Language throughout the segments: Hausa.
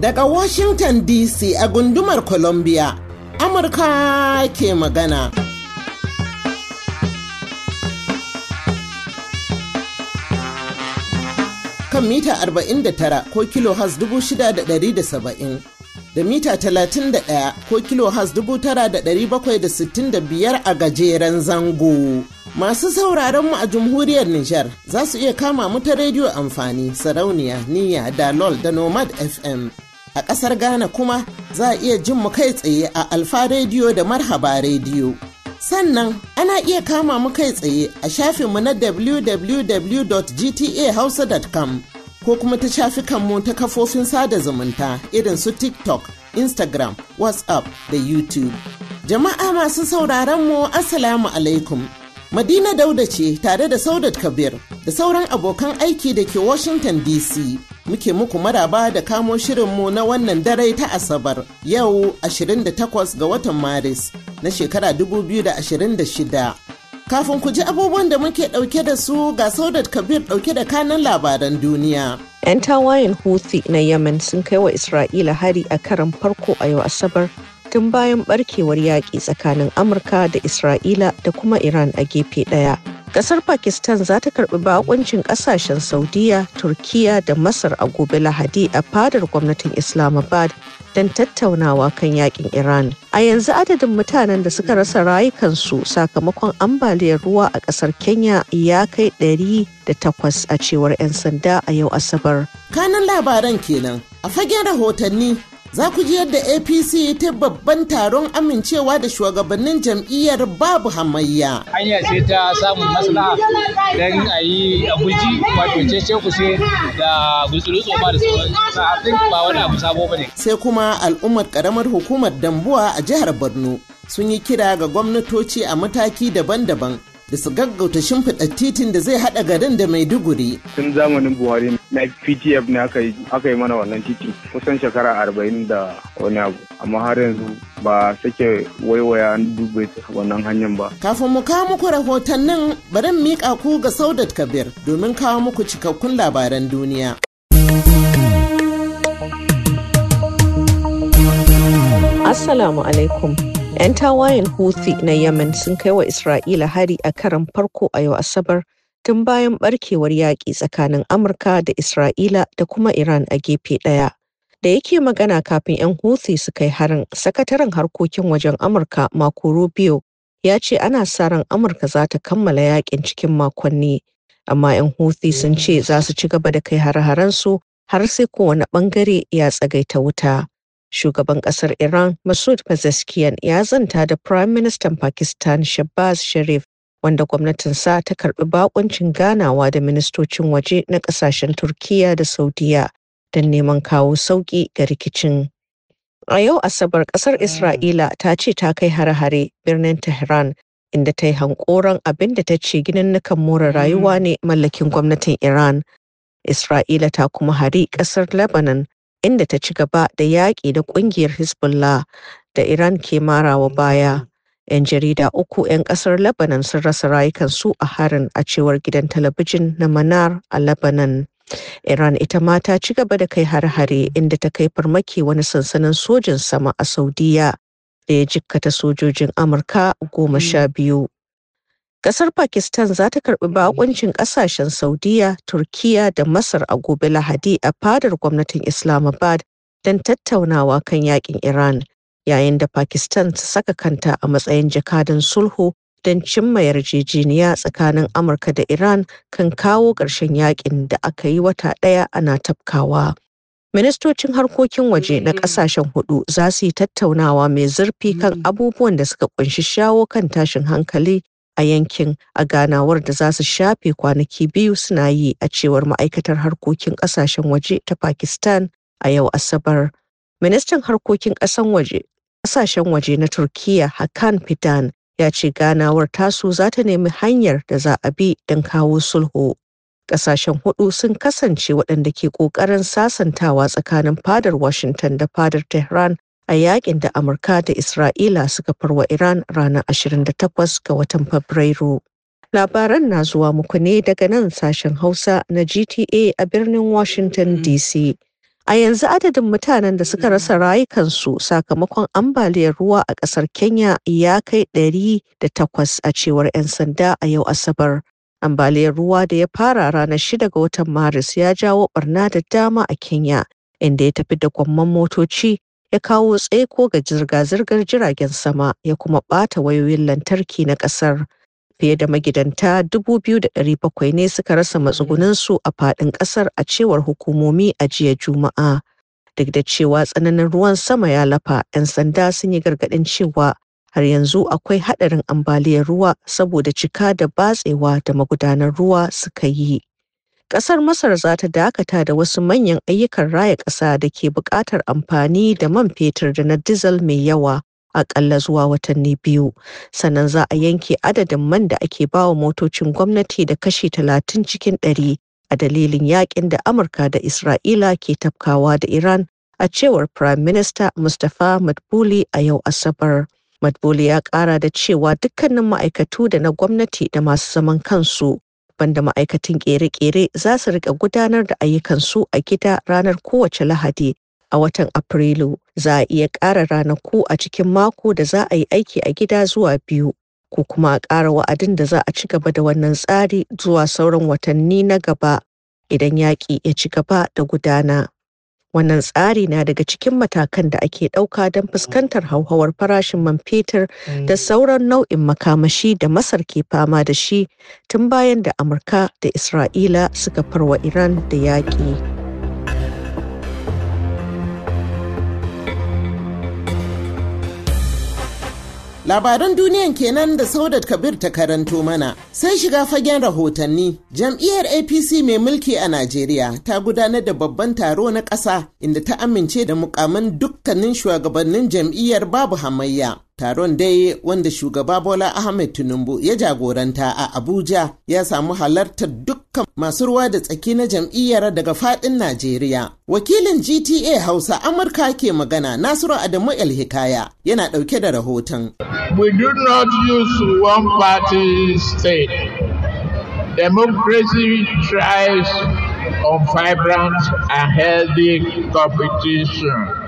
Daga Washington DC a gundumar Columbia, Amurka ke magana. Kan mita 49 ko kilo has 6,670 da mita 31 ko kilo has 9,765 a gajeren zango. Masu sauraron mu a jamhuriyar Nijar za su iya kama mu ta rediyo amfani sarauniya niyya Lol da nomad FM. A ƙasar Ghana kuma za a iya jin mu kai tsaye a Alfa rediyo da Marhaba rediyo. Sannan ana iya kama mu kai tsaye a shafinmu na www.gtahausa.com ko kuma ta shafi kanmu ta kafofin sada zumunta irin su TikTok, Instagram, WhatsApp da YouTube. Jama'a masu sauraron mu Assalamu alaikum. Madina Dauda ce tare da Saudat Kabir da sauran abokan aiki da ke Washington DC. Muke muku maraba da kamo shirinmu na wannan dare ta Asabar yau 28 ga watan Maris na shekara 2026. Kafin ku ji abubuwan da muke ɗauke da su ga Saudat Kabir ɗauke da kanan labaran duniya. 'Yan tawayen Houthi na Yemen sun kai wa Isra'ila hari a karan farko a yau Asabar tun bayan barkewar yaƙi tsakanin amurka da isra'ila da kuma iran a gefe ɗaya Ƙasar pakistan za ta karɓi bakuncin ƙasashen saudiya turkiya da masar a gobe lahadi a fadar gwamnatin islamabad don tattaunawa kan yakin iran a yanzu adadin mutanen da suka rasa rayukansu sakamakon ambaliyar ruwa a ƙasar kenya ya kai ɗari da takwas a cewar 'yan sanda a yau asabar kanan labaran kenan a fagen rahotanni za ku ji yadda apc ta babban taron amincewa da shugabannin jam'iyyar babu hamayya hanya ce ta samun masana don a yi abuji wato cece kusa da gutsurutsu ba da sauran ba wani abu sabo ne sai kuma al'ummar karamar hukumar dambuwa a jihar borno sun yi kira ga gwamnatoci a mataki daban-daban da su gaggauta shimfiɗa titin da zai haɗa garin da Maiduguri. Tun zamanin Buhari na PTF ne aka yi mana wannan titi kusan shekara arba'in da wani abu amma har yanzu ba sake waiwaya an dubbe wannan hanyar ba. Kafin mu kawo muku rahoton nan bari miƙa ku ga Saudat Kabir domin kawo muku cikakkun labaran duniya. Assalamu alaikum. 'Yan tawayen Houthi na Yemen sun kai wa Isra'ila hari a karan farko a yau Asabar tun bayan barkewar yaƙi tsakanin Amurka da Isra'ila da kuma Iran a gefe ɗaya. Da yake magana kafin 'yan Houthi su kai harin, sakataren harkokin wajen Amurka mako Rubio ya ce ana sa ran Amurka za ta kammala yaƙin cikin makonni. Amma 'yan Houthi sun ce za su ci gaba da kai hare har sai kowane ɓangare ya tsagaita wuta. Shugaban ƙasar Iran Masoud Pezeshkian ya zanta da Prime Minister Pakistan Shahbaz Sharif wanda gwamnatinsa ta karɓi bakuncin ganawa da ministocin waje na ƙasashen Turkiyya da Saudiyya don neman kawo sauƙi ga rikicin. A yau Asabar ƙasar hmm. Isra'ila ta ce ta kai hare-hare birnin Tehran inda ta yi hankoron abin da ta ce nukan more hmm. rayuwa ne mallakin gwamnatin Iran. Isra'ila ta kuma hari ƙasar Lebanon inda ta ci gaba da yaƙi da ƙungiyar Hezbollah da Iran ke marawa baya. 'Yan jarida uku 'yan ƙasar Lebanon sun rasa rayukansu a harin a cewar gidan talabijin na Manar a Lebanon. Iran ita ma ta ci gaba da kai har-hare inda ta kai farmaki wani sansanin sojin sama a saudiyya da ya jikkata sojojin Amurka goma hmm. sha biyu. Ƙasar Pakistan za ta karɓi baƙuncin ƙasashen Saudiya, Turkiya da Masar a gobe Lahadi a fadar gwamnatin Islamabad don tattaunawa kan yakin Iran, yayin da Pakistan ta saka kanta a matsayin jakadan sulhu don cimma yarjejeniya tsakanin Amurka da Iran kan kawo ƙarshen yaƙin da aka yi wata ɗaya ana tafkawa. Ministocin harkokin waje na ƙasashen hudu za su yi tattaunawa mai zurfi kan mm. abubuwan da suka ƙunshi shawo kan tashin hankali a yankin a ganawar da za su shafe kwanaki biyu suna yi a cewar ma'aikatar harkokin ƙasashen waje ta Pakistan a yau Asabar. Ministan harkokin ƙasan waje ƙasashen waje na Turkiyya Hakan Fidan ya ce ganawar tasu za ta nemi hanyar da za a bi don kawo sulhu. Ƙasashen hudu sun kasance waɗanda ke ƙoƙarin sasantawa tsakanin fadar Washington da fadar Tehran a yakin da Amurka da Isra'ila suka farwa Iran ranar 28 ga watan Fabrairu. Labaran na zuwa muku ne daga nan sashen Hausa na GTA a birnin Washington DC. A yanzu adadin mutanen da suka rasa rayukansu sakamakon ambaliyar ruwa a ƙasar Kenya ya kai ɗari da takwas a cewar 'yan sanda a yau Asabar. Ambaliyar ruwa da ya fara ranar 6 ga watan Maris ya jawo ɓarna da dama a Kenya, inda ya tafi da gwamman motoci ya kawo tsaiko ga zirga-zirgar jiragen sama ya kuma ɓata wayoyin lantarki na ƙasar. Fiye da magidanta 2,700 ne suka rasa matsuguninsu a faɗin ƙasar a cewar hukumomi a jiya Juma'a. Duk da cewa tsananin ruwan sama ya lafa, 'yan sanda sun yi gargaɗin cewa har yanzu akwai haɗarin ambaliyar ruwa saboda cika da batsewa da magudanar ruwa suka yi. Ƙasar Masar za ta dakata da wasu manyan ayyukan raya ƙasa da ke buƙatar amfani da man fetur da na dizal mai yawa a aƙalla zuwa watanni biyu. Sannan za a yanke adadin man da ake bawa motocin gwamnati da kashi talatin cikin ɗari a dalilin yaƙin da Amurka da Isra'ila ke tafkawa da Iran a cewar Prime Minister Mustapha Madbuli a yau Asabar. Madbuli ya ƙara da cewa dukkanin ma'aikatu da na gwamnati da masu zaman kansu da ma'aikatan kere-kere za su riƙa gudanar da ayyukansu a gida ranar kowace lahadi a watan Afrilu. Za a iya ƙara ranaku a cikin mako da za a yi aiki a gida zuwa biyu, ko kuma a ƙara wa'adin da za a ci gaba da wannan tsari zuwa sauran watanni na gaba idan yaƙi ya ci gaba da gudana. Wannan tsari na daga cikin matakan da ake ɗauka don fuskantar hauhawar farashin man fetur da mm. sauran nau'in makamashi da Masar ke fama da shi tun bayan da Amurka da Isra'ila suka farwa Iran da yaƙi. Labaran duniyan kenan da Saudat Kabir ta karanto mana. Sai shiga fagen rahotanni. Jam'iyyar APC mai mulki a Najeriya ta gudanar da babban taro na ƙasa inda ta amince da mukamin dukkanin shugabannin jam'iyyar babu hamayya. Taron dai wanda shugaba Bola Ahmed Tinubu ya jagoranta a Abuja ya samu halartar dukkan masu ruwa da tsaki na jam'iyyar daga fadin Najeriya. Wakilin GTA Hausa Amurka ke magana Nasiru Adamu El Hikaya yana ɗauke da rahoton. We do not use one party state. Democracy tries on vibrant and healthy competition.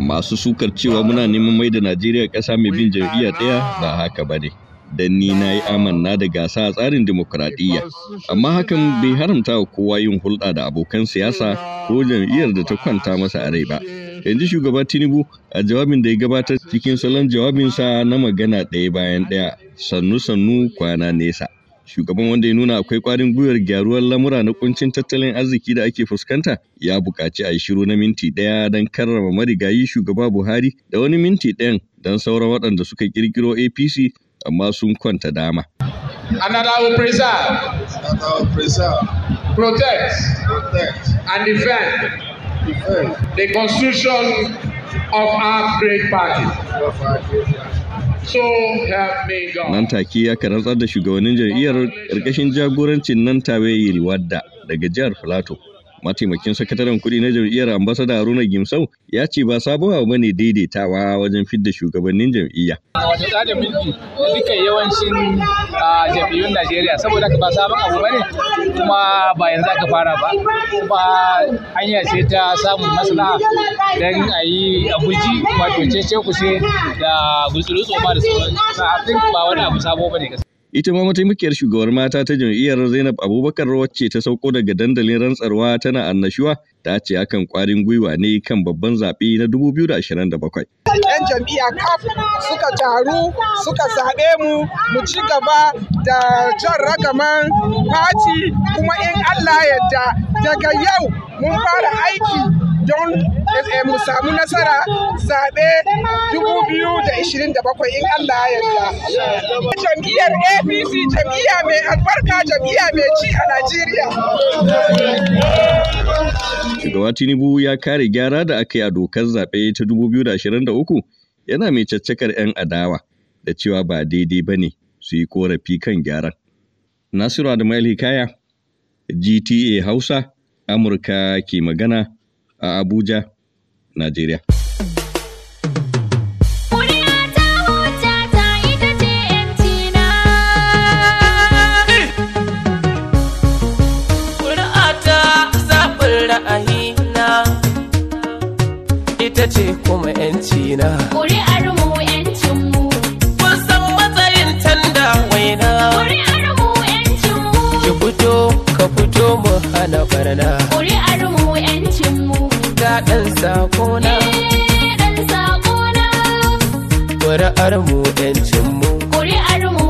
masu sukar cewa muna neman mai da najeriya ƙasa mai bin jam'iyya ɗaya ba haka ba ne don ni na yi amanna da gasa a tsarin demokuraɗiyya amma hakan bai haramta wa kowa yin hulɗa da abokan siyasa ko jam'iyyar da ta kwanta masa a rai ba yanzu shugaba tinubu a jawabin da ya gabatar cikin salon jawabinsa na magana ɗaya bayan ɗaya sannu sannu kwana nesa Shugaban wanda ya nuna akwai kwarin gwiwar gyaruwar lamura na kuncin tattalin arziki da ake fuskanta ya buƙaci a yi shiru na minti ɗaya don karrama marigayi shugaba Buhari da wani minti ɗayan don sauran waɗanda suka ƙirƙiro APC amma sun kwanta dama. Another will preserve, protect, and defend. the Constitution of our great party. Nan take ya rantsar da shugabannin jam'iyyar ƙarƙashin jagorancin nan tawaye Riwadda daga jihar Filato. mataimakin sakataren kuɗi na jam'iyyar ambasada haruna gimsau ya ce ba sabuwa ba ne daidaitawa wajen fidda shugabannin jam'iyya. wata tsarin mulki dukkan yawancin jam'iyyun najeriya saboda ba sabon abu ne, kuma ba yanzu aka fara ba ba hanya ce ta samun maslaha don a yi abuji wato cece kusa da gutsuru tsoma da sauran ba wani abu sabo bane gaskiya. Ita ma mataimakiyar shugabar mata ta jam'iyyar Zainab Abubakar wacce ta sauko daga dandalin rantsarwa tana annashuwa ta ce hakan kwarin gwiwa ne kan babban zaɓe na 2027. Yan jam'iyya kaf suka taru suka zaɓe mu mu ci gaba da jan ragaman fati kuma in Allah yadda daga yau mun fara aiki don mu samu nasara zaɓe 2027 in Allah ya yarda. Jam'iyyar APC jam'iyya mai albarka jam'iyya mai ci a Najeriya. Shugaba Tinubu ya kare gyara da aka yi a dokar zaɓe ta 2023 yana mai caccakar 'yan adawa da cewa ba daidai ba ne su yi korafi kan gyaran. Nasiru Adamu Hikaya, GTA Hausa, Amurka ke magana a Abuja, Najeriya. Ita ce kuma 'yanci na. Ƙuri'ar mu 'yancin mu. Kun san matsayin tanda waina. Ƙuri'ar mu 'yancin mu. Ki fito zo mu hana barna ƙuri'ar mu yancin mu ga ɗan sakona eh, ɗan sakona ƙuri'ar mu yancin mu ƙuri'ar mu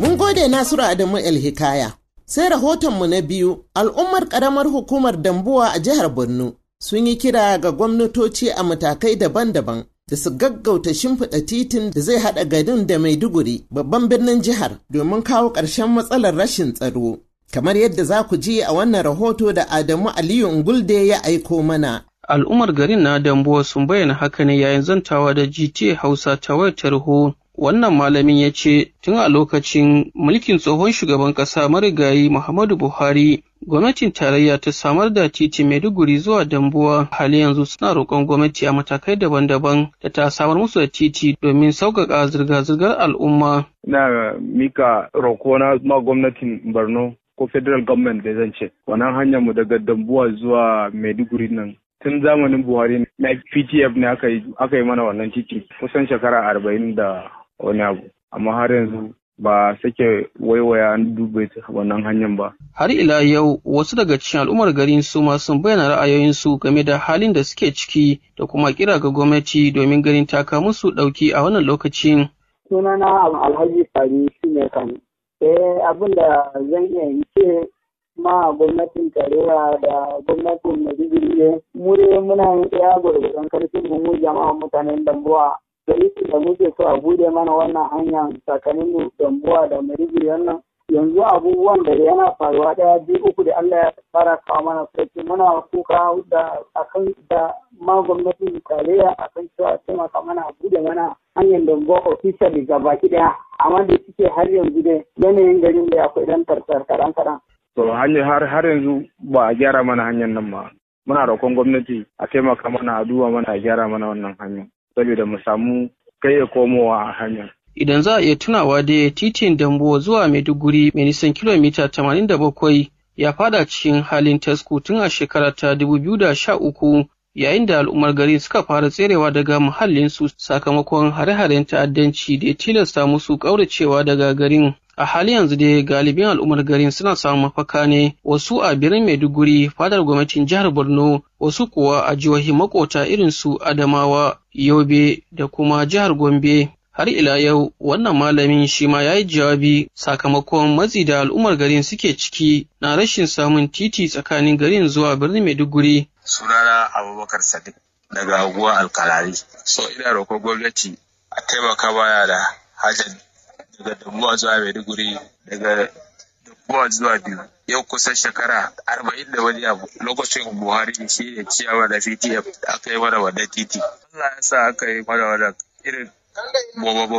mun gode Nasiru Adamu El Hikaya sai rahotonmu na biyu al'ummar ƙaramar hukumar dambuwa a jihar borno sun yi kira ga gwamnatoci a matakai daban-daban da su gaggauta shimfiɗa titin da zai haɗa garin da maiduguri babban birnin jihar domin kawo ƙarshen matsalar rashin tsaro kamar yadda za ku ji a wannan rahoto da Adamu Aliyu Ngulde ya aiko mana. Al'ummar garin na Dambuwa sun bayyana haka ne yayin zantawa da GT Hausa ta wayar tarho. Wannan malamin ya ce tun a lokacin mulkin tsohon shugaban ƙasa marigayi Muhammadu Buhari gwamnatin tarayya ta samar da titi maiduguri zuwa dambuwa hali yanzu suna roƙon gwamnati a matakai daban-daban da ta samar musu da titi domin sauƙaƙa zirga-zirgar al'umma. Ina mika roƙona ma gwamnatin Borno ko federal government da zan ce wannan hanyar mu daga dambuwa zuwa maiduguri nan tun zamanin buhari na ptf ne aka yi mana wannan titi kusan shekara arba'in da wani abu amma har yanzu ba sake waiwaya an dubai wannan hanyar ba. Har ila yau wasu daga cikin al'ummar garin su ma sun bayyana ra'ayoyinsu game da halin da suke ciki da kuma kira ga gwamnati domin ganin taka musu ɗauki a wannan lokacin. Sunana Alhaji Fari shi ne kan Eh abin da zan iya yi ce ma gwamnatin tarayya da gwamnatin Maiduguri mu dai muna yin iya gurgurdan karfin mu jama'a mutanen Dambuwa da yake da muke so a bude mana wannan hanyar tsakanin Dambuwa da Maiduguri nan. yanzu abubuwan da yana faruwa ɗaya biyu uku da Allah ya fara kawo mana sarki muna kuka da akan da ma gwamnatin tarayya akan cewa taimaka mana a bude mana hanyar da go official ga baki daya amma da suke har yanzu dai yanayin garin da ya akwai dan tartar karan karan. to hanyar har har yanzu ba a gyara mana hanyar nan ba muna roƙon gwamnati a taimaka mana a duba mana a gyara mana wannan hanyar saboda mu samu kai ya komowa a hanyar. Idan za a iya tunawa dai titin Dambuwa zuwa Maiduguri mai nisan kilomita 87 ya fada cikin halin tasku tun a shekara ta 2013 yayin da al'ummar gari suka fara tserewa daga muhallinsu sakamakon hare-haren ta'addanci da ya tilasta musu ƙauracewa daga garin. a halin yanzu dai galibin al'ummar garin suna samun mafaka ne wasu a birnin maiduguri fadar gwamnatin jihar borno wasu kuwa a jihohi makota irin su adamawa yobe da kuma jihar gombe har ila yau wannan malamin shi ma ya yi jawabi sakamakon matsi da al'ummar garin suke ciki na rashin samun titi tsakanin garin zuwa birnin maiduguri sunana abubakar sadiq daga guguwa alkalari so ina roƙon gwamnati a taimaka baya da hajjan daga damuwa zuwa maiduguri daga damuwa zuwa biyu yau kusan shekara arba'in da wani abu lokacin buhari shi ne ciyawa na ptf aka yi mana wannan titi allah ya sa aka yi mana wannan irin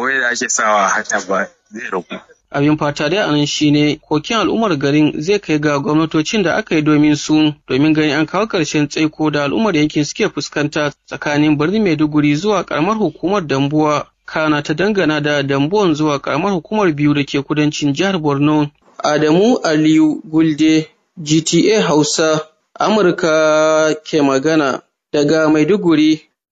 wai da ake sawa hata ba zai ragu. Abin fata dai anan nan shine kokin al'ummar garin zai kai ga gwamnatocin da aka yi domin su domin ganin an kawo ƙarshen tsaiko da al'ummar yankin suke fuskanta tsakanin birnin Maiduguri zuwa karamar hukumar Dambuwa. Kana ta dangana da Dambuwan zuwa karamar hukumar biyu da ke kudancin jihar Borno. Adamu Aliyu Gulde, GTA Hausa, Amurka ke magana daga Maiduguri.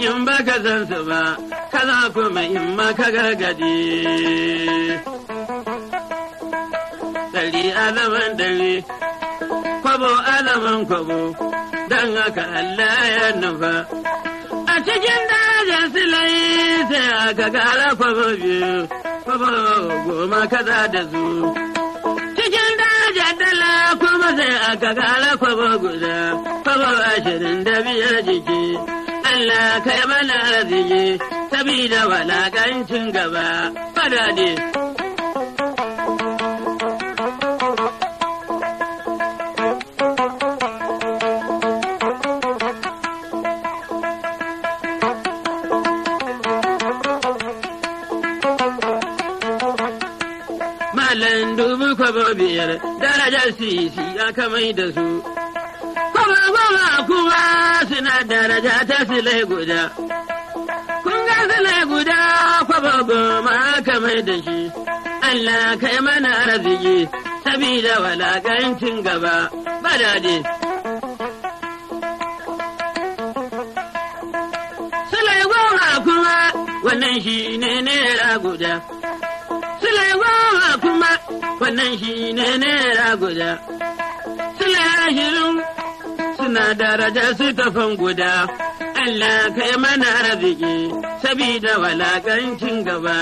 in ba ka san su ba, kana kuma in ma ka gargaje. Dari alaman dari, kwabo alaman kwabo, don haka Allah ya nufa. A cikin dajin silai sai aka gara kwabo biyu, kwabo goma kaza da zu. Cikin dajin dala kuma sai aka gara kwabo guda, kwabo ashirin da biyar jiki. Allah kai mana arziki sabida walakancin gaba fadade. Malan dubu kwabo biyar darajar sisi aka mai da su kuma kuma suna daraja ta sile guda. Kun ga sile guda kwaba goma kamar da shi. Allah kai mana arziki sabida walakancin gaba ba daɗi. Sile goma kuma wannan shi ne nera guda. Sile goma kuma wannan shi ne nera guda. ashirin suna daraja su guda. Allah kai mana arziki saboda walakancin gaba.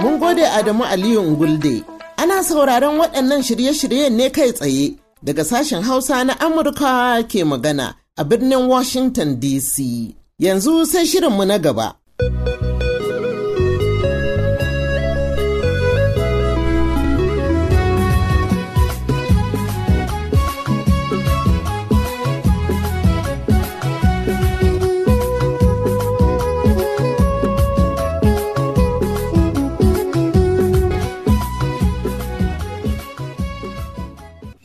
Mun gode Adamu Aliyu Ngulde. Ana sauraron waɗannan shirye-shiryen ne kai tsaye daga sashen Hausa na Amurka ke magana a birnin Washington DC. Yanzu sai shirinmu na gaba.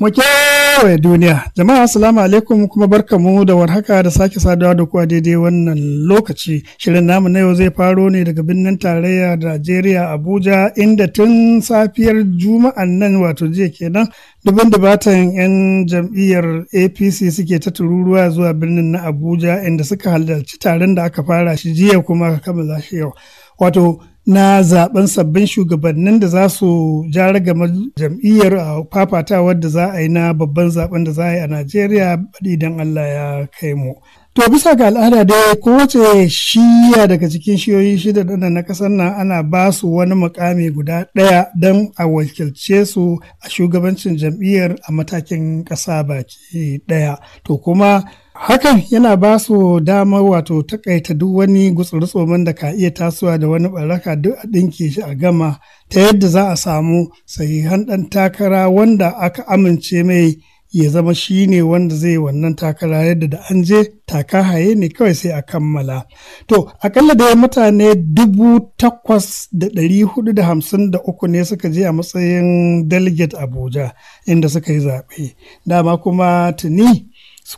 mu kewaye duniya jama'a assalamu alaikum kuma barkamu da warhaka da sake saduwa da kuwa daidai wannan lokaci shirin namu na yau zai faro ne daga birnin tarayya da najeriya abuja inda tun safiyar juma'an nan wato jiya kenan dubin batan 'yan jam'iyyar apc suke ta tururuwa zuwa birnin na abuja inda suka halarci taron da aka fara shi jiya kuma aka kammala shi yau wato na zaben sabbin shugabannin da za su ja ragama jam'iyyar a fafata da za a yi na babban zaben da za a yi a najeriya idan allah ya kai mu To bisa ga al'ada dai kowace shiya daga cikin shiyoyi shida da na kasar nan ana ba su wani mukami guda ɗaya don a wakilce su a shugabancin jam'iyyar a matakin ƙasa baki ɗaya. To kuma hakan yana ba su damar wato takaita duk wani gutsurutsomin da ka iya tasowa da wani ɓaraka duk a ɗinke shi a gama ta yadda za a samu sahihan ɗan takara wanda aka amince mai ya zama shi ne wanda zai wannan takara yadda da an je taka haye ne kawai sai a kammala. To, akalla da mutane dubu takwas da ɗari hudu da hamsin da uku ne suka je a matsayin delegate Abuja inda suka yi zaɓe. Dama kuma tuni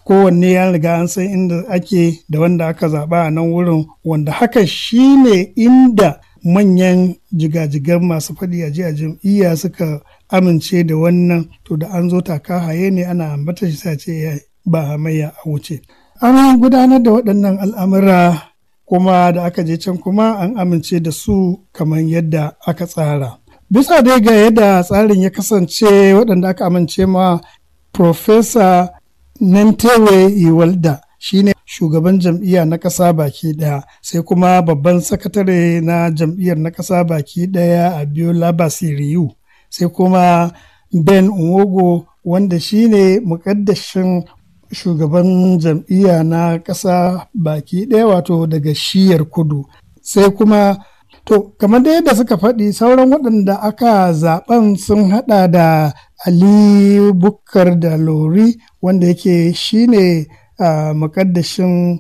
kowanne ya riga an san inda ake da wanda aka zaɓa a nan wurin wanda haka shi ne inda manyan jigajigan masu faɗi a jiya jam'iyya suka amince da wannan to da an zo taka haye ne ana ambata shi sace eh, ba hamayya a wuce an gudanar da waɗannan al'amura kuma da aka je can kuma an amince da su kamar yadda aka tsara bisa dai ga yadda tsarin ya kasance waɗanda aka amince ma Profesa Nantewe Iwalda shine shugaban jam'iyya na ƙasa baki ɗaya sai kuma babban sakatare na jam'iyyar na ƙasa baki ɗaya a biyu labasiriyu sai kuma ben nwogo wanda shine muƙaddashin shugaban jam'iyya na ƙasa baki ɗaya wato daga shiyar kudu sai kuma to kamar da yadda suka faɗi sauran waɗanda aka zaben sun haɗa da ali bukkar da lori wanda yake shine A makaddashin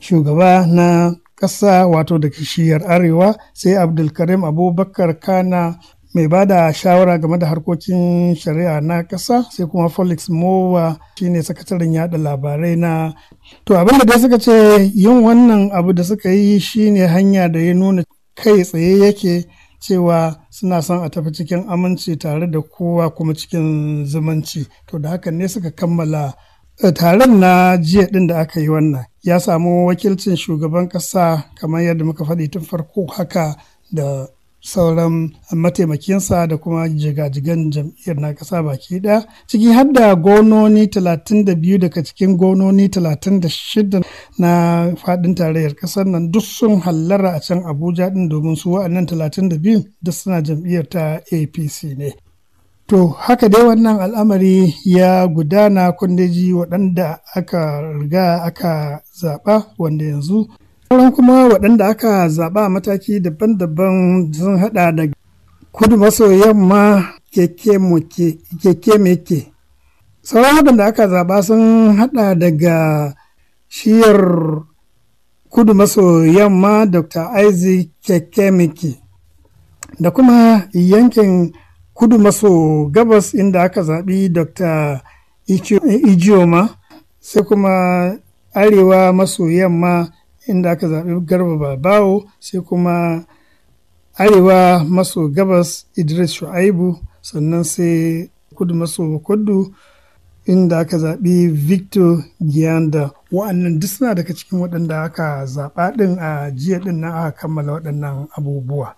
shugaba na ƙasa wato da kishiyar arewa sai abdulkarim abubakar kana mai ba da shawara game da harkokin shari'a na ƙasa sai kuma felix mowa shine sakataren yada labarai na to abin da suka ce yin wannan abu da suka yi shine hanya da ya nuna kai tsaye yake cewa suna son a tafi cikin aminci tare da kowa kuma cikin zumunci to da hakan ne suka kammala Eh, taron na jiya ɗin da aka yi wannan ya samu wakilcin shugaban ƙasa kamar yadda muka faɗi tun farko haka da sauran mataimakinsa da kuma jigajigan jam'iyyar na ƙasa baki ɗaya ciki har da gononi 32 daga cikin gononi 36 na faɗin tarayyar kasar nan duk sun hallara a can abuja ɗin domin su wa'annan 32 duk suna jam'iyyar ta apc ne To haka dai wannan al'amari ya gudana ji waɗanda aka riga aka zaɓa wanda yanzu. Sauran kuma waɗanda aka zaɓa a mataki daban-daban sun haɗa da kudu maso yamma keke meke. Sauran da aka zaɓa sun haɗa daga shiyar kudu maso yamma Dr. Isaac keke meke da kuma yankin kudu maso gabas inda aka zaɓi dr ijioma sai kuma arewa maso yamma inda aka zaɓi garba babawo sai kuma arewa maso gabas idris shu'aibu sannan sai kudu maso kudu inda aka zaɓi victor gianda wa'annan duk suna daga cikin waɗanda aka zaɓa ɗin a jiya ɗin na aka kammala waɗannan abubuwa.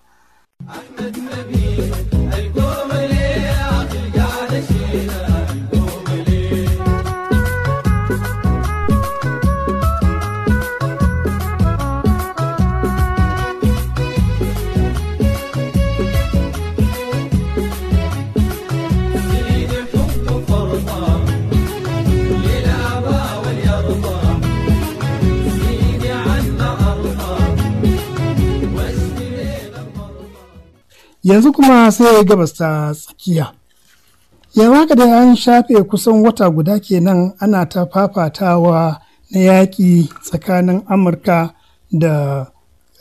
yanzu kuma sai ya gabas ta tsakiya yanzu ka dai an shafe kusan wata guda kenan ana ta fafatawa na yaƙi tsakanin amurka da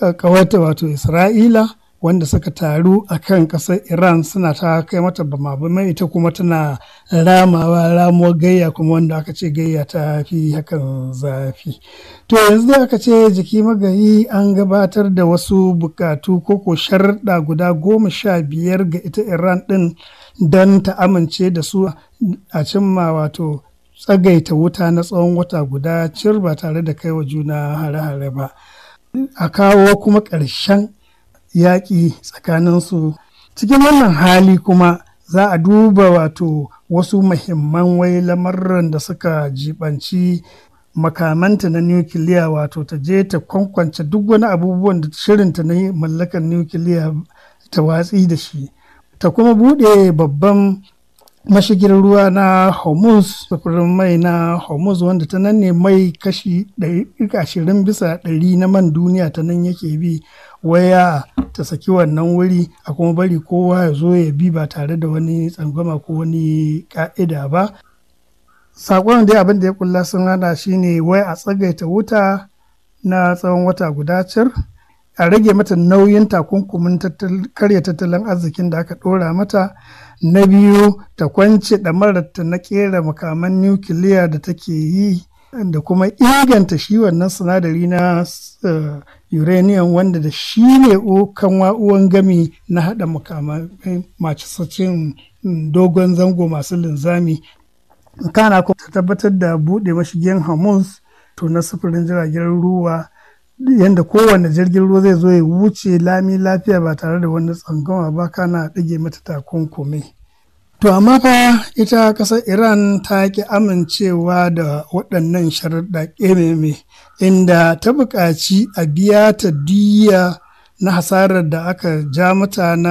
eh, ƙawarta wato isra'ila wanda suka taru a kan ƙasar iran suna ta kai mata bama ita kuma tana ramawa ramuwar gayya kuma wanda aka ce gayya ta fi hakan zafi to yanzu dai aka ce jiki magayi an gabatar da wasu bukatu ko sharɗa guda goma sha biyar ga ita iran ɗin don ta amince da su a cimma wato tsagaita wuta na tsawon wata guda cir ba tare da kai wa juna hare-hare ba a kawo kuma ƙarshen yaƙi tsakaninsu cikin wannan hali kuma za a duba wato wasu mahimman wai lamarran da suka jibanci makamanta na nukiliya wato ta je ta kwankwance duk wani abubuwan da shirinta na mallakar nukiliya ta watsi da shi ta kuma buɗe babban mashigin ruwa na hormuz sufurin mai na hormuz wanda ta nan ne mai kashi 20 bisa 100 na man duniya ta nan yake bi waya ta saki wannan wuri a kuma bari kowa ya zo ya bi ba tare da wani tsangwama ko wani ka'ida ba sakon dai abin da ya kulla sun hana shine wai a tsagaita wuta na tsawon wata guda cir a rage mata nauyin takunkumin karya tattalin arzikin da aka ɗora mata na biyu ta kwance ta na kera makaman nukiliya da take yi da kuma inganta shi wannan sinadari na eh, uranium wanda da shi ne kanwa wa'uwan gami na haɗa makamai mm, dogon zango masu linzami kana kuma ta tabbatar da buɗe mashigin hormones to na sufurin jiragen ruwa yadda kowane jirgin ruwa zai zo ya wuce lami lafiya ba tare da wani tsangawa ba kana ɗage mata takon takunkumi To amma fa ita ƙasar Iran ta ki amincewa da waɗannan sharuɗa ƙememe inda ta buƙaci a biya ta diya na hasarar da aka ja mata na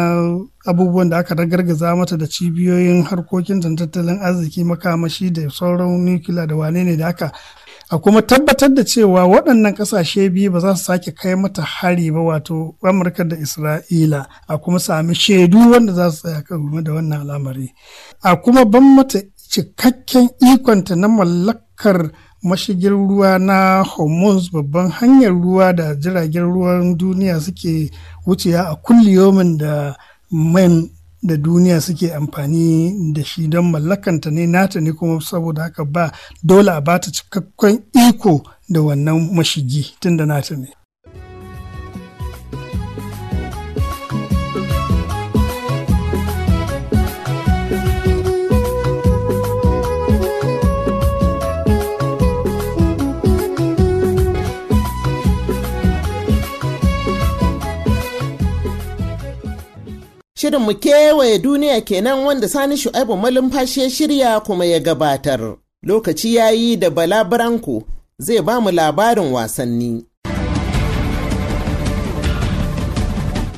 abubuwan da aka ragargaza mata da cibiyoyin harkokin tattalin arziki makamashi da sauran nukila da wane ne da aka a kuma tabbatar da cewa waɗannan ƙasashe biyu ba za su sake kai mata hari ba wato amurka da isra'ila a kuma sami shaidu wanda za su tsaya kan game da wannan al'amari a kuma ban mata cikakken ikonta na mallakar mashigin ruwa na hormones babban hanyar ruwa da jiragen ruwan duniya suke wucewa a yomin da da duniya suke amfani da shi don mallakanta ne nata ne kuma saboda haka ba dole a bata cikakken iko da wannan mashigi tun da nata ne Shirin mu kewaye duniya kenan wanda Sani Shu'aibu Malumfashi ya shirya kuma ya gabatar. Lokaci ya yi da Bala Branko zai ba mu labarin wasanni.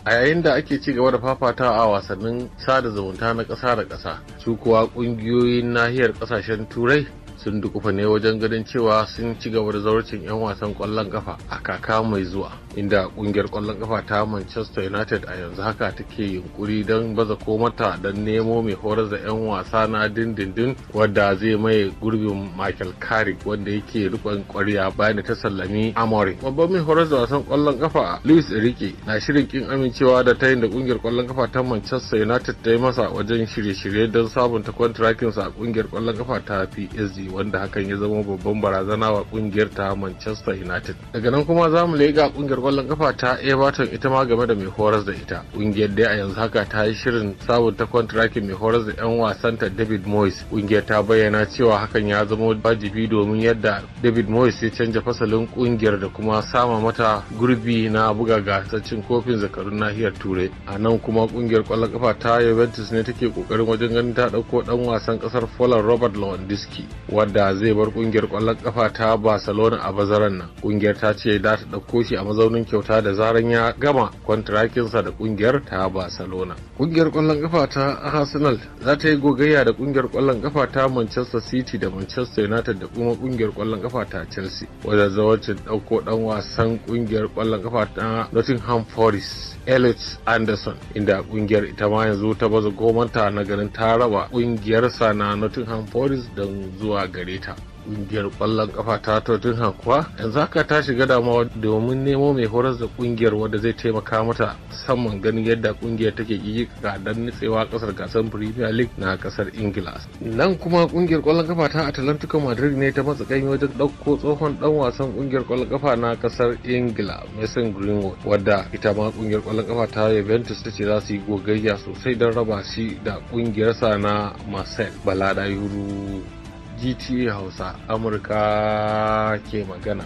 a yayin da ake ci gaba da fafata a wasannin sada zumunta na ƙasa da ƙasa su kuwa ƙungiyoyin nahiyar ƙasashen turai sun dukufa ne wajen ganin cewa sun ci gaba da zaurucin 'yan wasan kwallon kafa a kaka mai zuwa inda kungiyar kwallon kafa ta manchester united a yanzu haka take yunkuri don baza komata don nemo mai horar da 'yan wasa na dindindin wadda zai mai gurbin michael carrick wanda yake rikon kwarya bayan da ta sallami amore babban mai horar da wasan kwallon kafa louis rike na shirin kin amincewa da tayin da kungiyar kwallon kafa ta manchester united ta yi masa wajen shirye-shirye don sabunta kwantirakinsa a kungiyar kwallon kafa ta psg wanda hakan ya zama babban barazana wa kungiyar ta Manchester United. Daga nan kuma za mu lega kungiyar kwallon kafa ta Everton ita ma game da mai horas da ita. Kungiyar dai a yanzu haka ta yi shirin sabunta kwantirakin mai horas da 'yan wasan ta David Moyes. Kungiyar ta bayyana cewa hakan ya zama wajibi domin yadda David Moyes ya canja fasalin kungiyar da kuma sama mata gurbi na buga gasar cin kofin zakarun nahiyar Turai. A nan kuma kungiyar kwallon kafa ta Juventus ne take kokarin wajen ganin ta dauko dan wasan kasar Poland Robert Lewandowski. wadda zai bar kungiyar kwallon kafa ta barcelona a bazaran nan kungiyar ta ce za ta ɗauko shi a mazaunin kyauta da zaran ya gama kwantarakinsa da kungiyar ta barcelona kungiyar kwallon kafa ta arsenal za ta yi gogayya da kungiyar kwallon kafa ta manchester city da manchester united da kuma kungiyar kwallon kafa ta chelsea wadda zawacin ɗauko ɗan wasan kungiyar kwallon kafa ta nottingham forest Alex Anderson inda kungiyar ita ma yanzu ta baza gomanta na garin ta raba kungiyarsa na Nottingham Forest don zuwa gareta. kungiyar kwallon kafa ta Tottenham kuwa yanzu haka ta shiga damuwa domin nemo mai horar da kungiyar wadda zai taimaka mata musamman ganin yadda kungiyar take ga dan nitsewa kasar gasar Premier League na kasar Ingila. Nan kuma kungiyar kwallon kafa ta Atlantico Madrid ne ta matsa kai wajen dauko tsohon dan wasan kungiyar kwallon kafa na kasar Ingila Mason Greenwood wadda ita ma kungiyar kwallon kafa ta Juventus ta ce za su yi gogayya sosai don raba shi da kungiyarsa na Marcel Balada Yuru GTA Hausa Amurka ke magana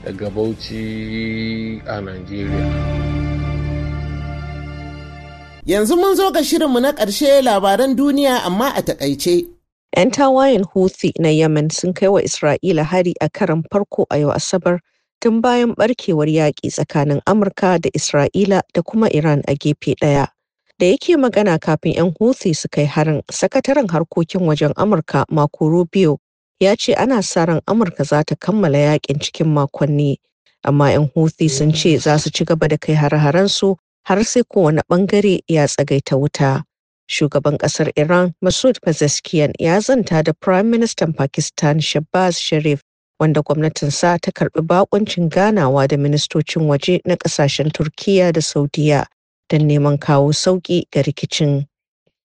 daga Bauchi a Najeriya. Yanzu mun zo ga shirinmu na ƙarshe labaran duniya amma a takaice. 'Yan tawayen Houthi na Yemen sun kai wa Isra'ila hari a karan farko a yau Asabar tun bayan barkewar yaƙi tsakanin Amurka da Isra'ila da kuma Iran a gefe ɗaya. da yake magana kafin 'yan Houthi su kai harin, sakataren harkokin wajen Amurka Marco Rubio ya ce ana sa ran Amurka za ta kammala yakin cikin makonni. Amma 'yan Houthi sun ce za su ci gaba da kai har-haransu har sai kowane bangare ya tsagaita wuta. Shugaban kasar Iran Masoud Pezeshkian ya zanta da Prime Minister Pakistan Shahbaz Sharif wanda gwamnatinsa ta karbi bakuncin ganawa da ministocin waje na kasashen Turkiya da Saudiya don neman kawo sauƙi ga rikicin.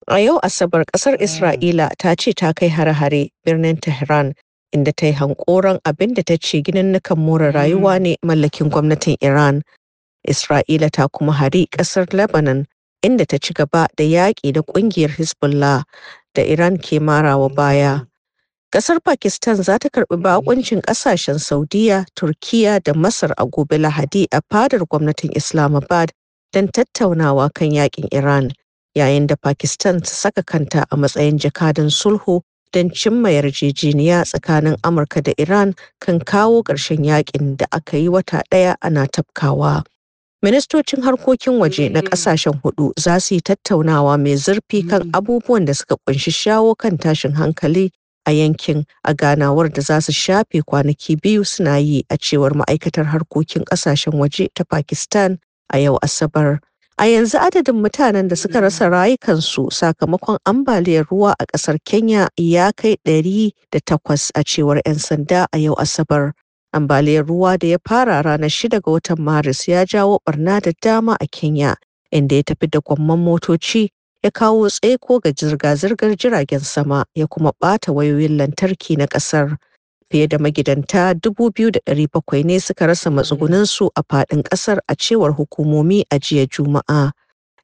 A yau Asabar ƙasar mm. Isra'ila ta ce ta kai hare-hare birnin Tehran inda ta yi hankoron abin da ta ce nukan more mm. rayuwa ne mallakin gwamnatin Iran. Isra'ila ta kuma hari ƙasar Lebanon inda ta ci gaba da yaƙi da ƙungiyar Hezbollah da Iran ke marawa baya. Mm. Ƙasar Pakistan za ta karɓi baƙuncin ƙasashen Saudiya, Turkiya da Masar a gobe Lahadi a fadar gwamnatin Islamabad don tattaunawa kan yakin Iran, yayin da Pakistan ta saka kanta a matsayin jakadan sulhu don cimma yarjejeniya tsakanin Amurka da Iran kan kawo ƙarshen yakin da aka yi wata ɗaya ana tafkawa. Ministocin harkokin waje na ƙasashen hudu za su yi tattaunawa mai zurfi kan abubuwan da suka kunshi shawo kan tashin hankali a yankin a ganawar da za su shafe kwanaki biyu suna yi a cewar ma'aikatar harkokin ƙasashen waje ta Pakistan a yau Asabar. A yanzu adadin mutanen da suka rasa rayukansu sakamakon ambaliyar ruwa a ƙasar Kenya ya kai ɗari da takwas a cewar 'yan sanda a yau Asabar. Ambaliyar ruwa da ya fara ranar shida ga watan Maris ya jawo ɓarna da dama a Kenya, inda ya tafi da gwamman motoci ya kawo tsaiko ga zirga-zirgar jiragen sama ya kuma ɓata wayoyin lantarki na ƙasar. fiye da magidanta 2,700 ne suka rasa matsugunansu a faɗin ƙasar a cewar hukumomi a jiya Juma'a.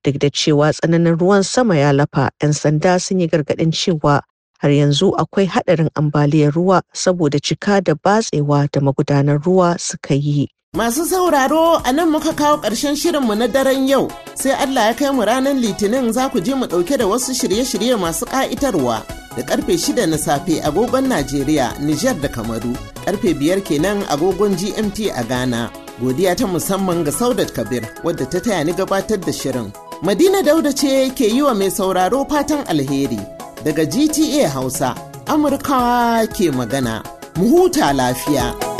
Duk da cewa tsananin ruwan sama ya lafa, 'yan sanda sun yi gargaɗin cewa har yanzu akwai haɗarin ambaliyar ruwa saboda cika da batsewa da magudanar ruwa suka yi. Masu sauraro a nan muka kawo ƙarshen shirinmu na daren yau sai Allah ya kai mu ranar litinin za ku je mu ɗauke da wasu shirye-shirye masu ƙa'itarwa. da karfe 6 na safe agogon Najeriya, Nijar da Kamaru, karfe 5 kenan agogon GMT a Ghana. Godiya ta musamman ga Saudat Kabir wadda ta taya ni gabatar da shirin. Madina Dauda ce ke yi wa mai sauraro fatan alheri daga GTA Hausa, Amurka ke magana. Mu huta lafiya.